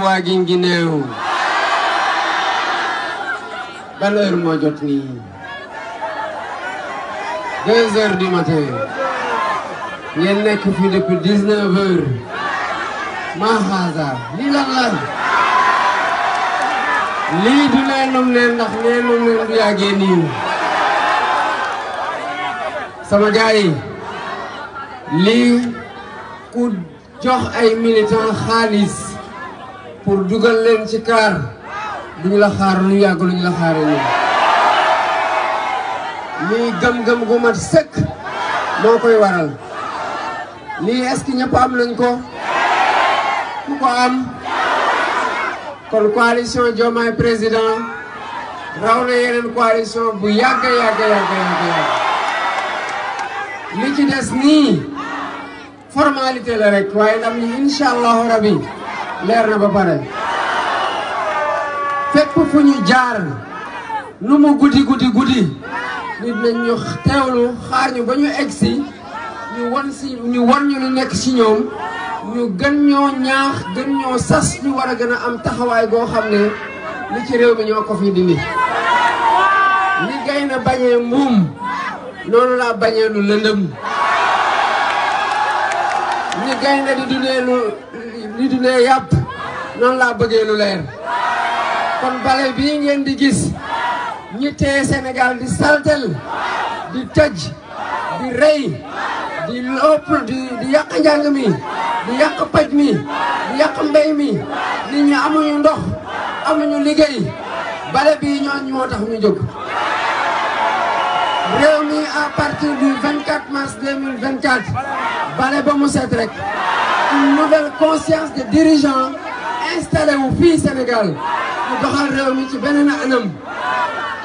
waagin gineew ban heure moo jot nii deux heures du matin ngeen nekk fi depuis dix-neuf heures lii lan la lii du neenum neen ndax neenum yàggee nii sama gars lii ku jox ay militant xaalis pour dugal leen ci kaar lu ñu la xaar lu yàgg lu ñu la xaaree ñun. lii gëm-gëm gu mat sëkk moo koy waral lii est-ce ñëpp am nañ ko ku ko am kon coalition Diomaye président raw na yeneen coalition bu yàgg yàgg yàgg yàgg li ci des nii formalité la rek waaye ndam ni incha allahu rabi leer na ba pare fépp fu ñu jaar lu mu guddi guddi guddi nit nañ ñu teewlu xaar ñu ba ñu egg si ñu won ñu won lu nekk ci ñoom ñu gën ñoo ñaax gën ñoo sas ñu war a gën a am taxawaay goo xam ne li ci réew mi ñoo ko fi dindi li gay na bañee mbuum noonu laa bañee lu lëndëm ni dundee yàpp noonu laa bëggee lu leer kon bale bii ngeen di gis ñi tee Sénégal di saltel di tëj di rey di lopp di di yàq njàng mi di yàq paj mi di yàq mbéy mi nit ñi amuñu ndox amuñu liggéey bale bii ñooñu moo tax ñu jóg réew mi à partir du 24 mars bale ba mu set rek une nouvelle conscience de dirigeant installé fii Sénégal ñu doxal réew mi ci beneen anam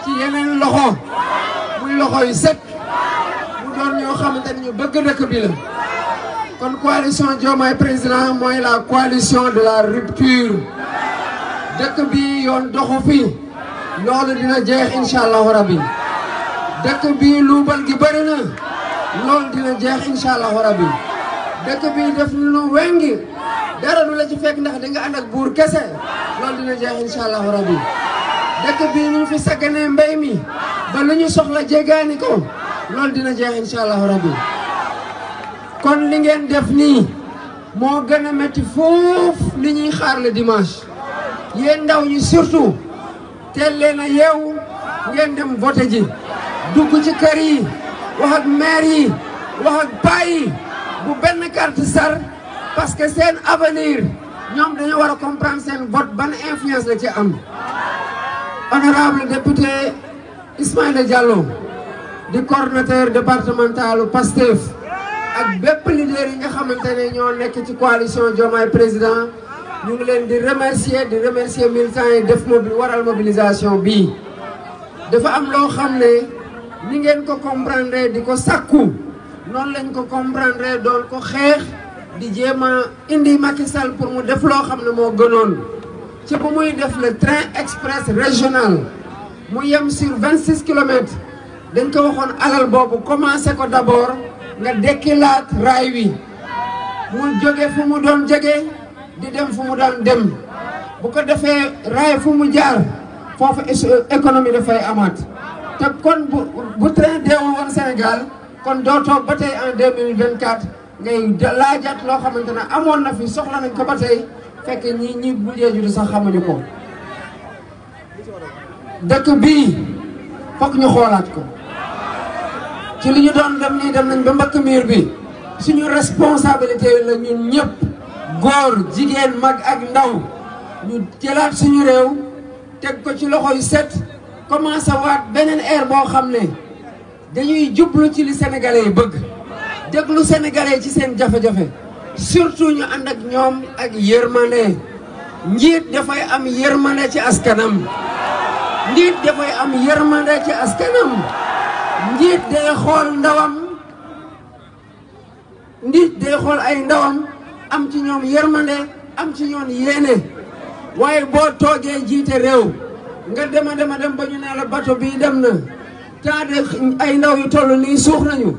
ci yeneen loxo muy loxo yu set mu doon ñoo xam ni ñu bëgg dëkk bi la. kon coalition Diomaye président mooy la coalition de la rupture dëkk bi yoon doxu fii loolu dina jeex incha allahu rabi dëkk bi luubal gi bëri loolu dina jeex incha allahu rabi. dëkk bi def lu wengi dara du la ci fekk ndax di nga buur kese loolu dina jeex incha allahu dëkk bi ñu fi sagganee mbay mi ba lu ñu soxla jéggaani ko loolu dina jeex incha allahu kon li ngeen def nii moo gën a métti foofu li ñuy xaar le dimanche yéen ndaw ñi surtout teel leen yeewu ngeen dem voté ji dugg ci kër yi wax ak maire yi wax ak paa bu benn carte sar parce que seen avenir ñoom dañu war a comprendre seen vote ban influence la ci am honorable député Ismaïla Diallo di coordonnateur départementalu PASTEF ak bépp leader yi nga xamante ne ñoo nekk ci coalition Diomaye président ñu ngi leen di remercier di remercier militants yi def waral mobilisation bii dafa am loo xam ne ni ngeen ko comprendre di ko sàkku noonu lañ ko comprendre doon ko xeex di jéem a indi Macky Sall pour mu def loo xam ne moo gënoon ci bu muy def le train express régional mu yem sur 26 kilomètres dañ ko waxoon alal boobu commencé ko d'abord nga dekkilaat raay wi mu jóge fu mu doon jóge di dem fu mu doon dem bu ko defee raay fu mu jaar foofu économie dafay amaat te kon bu bu train deewul woon Sénégal kon doo toog ba tey en 2024 ngay laajat loo xamante ne amoon na fi soxla nañ ko ba tey fekk ñi ñi mujjee juddu sax xamuñu ko dëkk bii foog ñu xoolaat ko ci li ñu doon dem nii dem nañ ba mbëkk miir bi suñu responsabilité la ñun ñëpp góor jigéen mag ak ndaw ñu jëlaat suñu réew teg ko ci loxo yu set commencé waat beneen air boo xam ne dañuy jublu ci li sénégalais yi bëgg déglu sénégalais ci seen jafe-jafe surtout ñu ànd ak ñoom ak yërmande njiit dafay am yërmande ci askanam njiit dafay am yërmande ci askanam njiit day xool ndawam njiit day xool ay ndawam am ci ñoom yërmande am ci ñoon yéene waaye boo toogee jiite réew nga dema dema dem ba ñu ne la bato bii dem na taa de ay ndaw yu toll nii suux nañu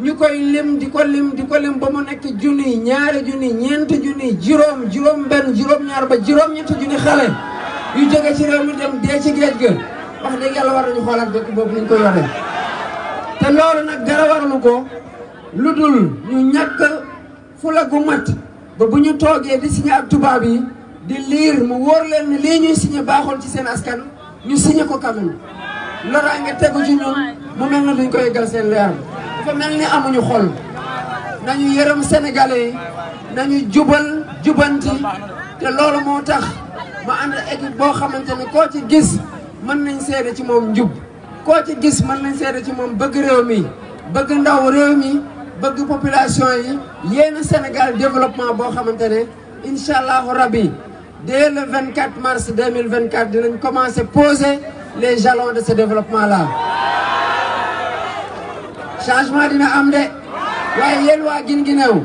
ñu koy lim di ko lim di ko lim ba mu nekk junni ñaari junni ñeenti junni juróom juróom benn juróom ñaar ba juróom ñetti junni xale yu jóge ci réew mi dem dee ci géej ga wax dëgg yàlla war nañu xoolaat dëkk boobu ni ñu koy yore te loolu nag dara waralu ko lu dul ñu ñàkk fula gu mat ba bu ñu toogee di signé ak tubaab yi di liir mu wóor leen ni lii ñuy signé baaxul ci seen askan ñu signé ko quand loraange tegu ci ñun mu mel na duñ koy gal seen leer dafa mel ni amuñu xol nañu yërëm sénégalais yi nañu jubal jubanti te loolu moo tax ma ànd équipe boo xamante ne koo ci gis mën nañ seede ci moom njub koo ci gis mën nañ seede ci moom bëgg réew mi bëgg ndaw réew mi bëgg population yi yéen Sénégal développement boo xamante ne incha allahu rabi dès le 24 mars 2024 dinañ commencé poser les jalons de ce développement-là changement dina am de waaye yéen waa Guinguinéo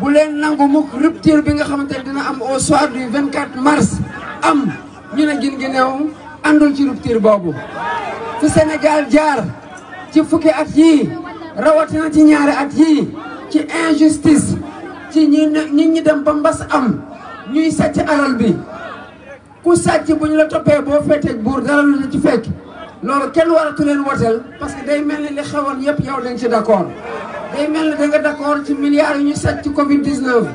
bu leen nangu mukk rupture bi nga xamante ne dina am au soir du 24 mars am ñu ne Guinguinéo àndul ci rupture boobu fu Sénégal jaar ci fukki at yii rawatina ci ñaari at yi ci injustice ci ñi ñi dem ba mbas am ñuy sàcc alal bi ku sàcc bu ñu la toppee boo feetee buur dara lu ci fekk loolu kenn waratu leen woteel parce que day mel ni li xewoon yëpp yow dañ ci d'accord day mel ni da nga d'accord ci milliards yu ñu sàcc ci Covid 19.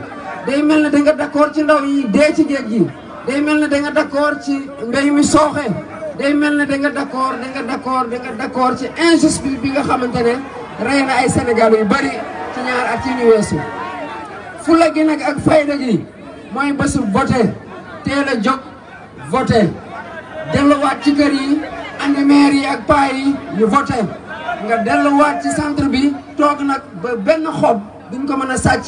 day mel ni da nga d'accord ci ndaw yi dee ci géej gi day mel ni da nga d'accord ci mbéy mi sooxe day mel ni da nga d'accord da nga d'accord da nga d'accord ci injustice bi nga xamante ne rey na ay Sénégal yu bari ci ñaar at yi ñu weesu. fula gi nag ak fayda gi mooy bésu vote teel a jóg. voté delluwaat ci kër yi andi maire yi ak paa yi ñu voté nga dellowaat ci centre bi toog nag ba benn xob duñ ko mën a sàcc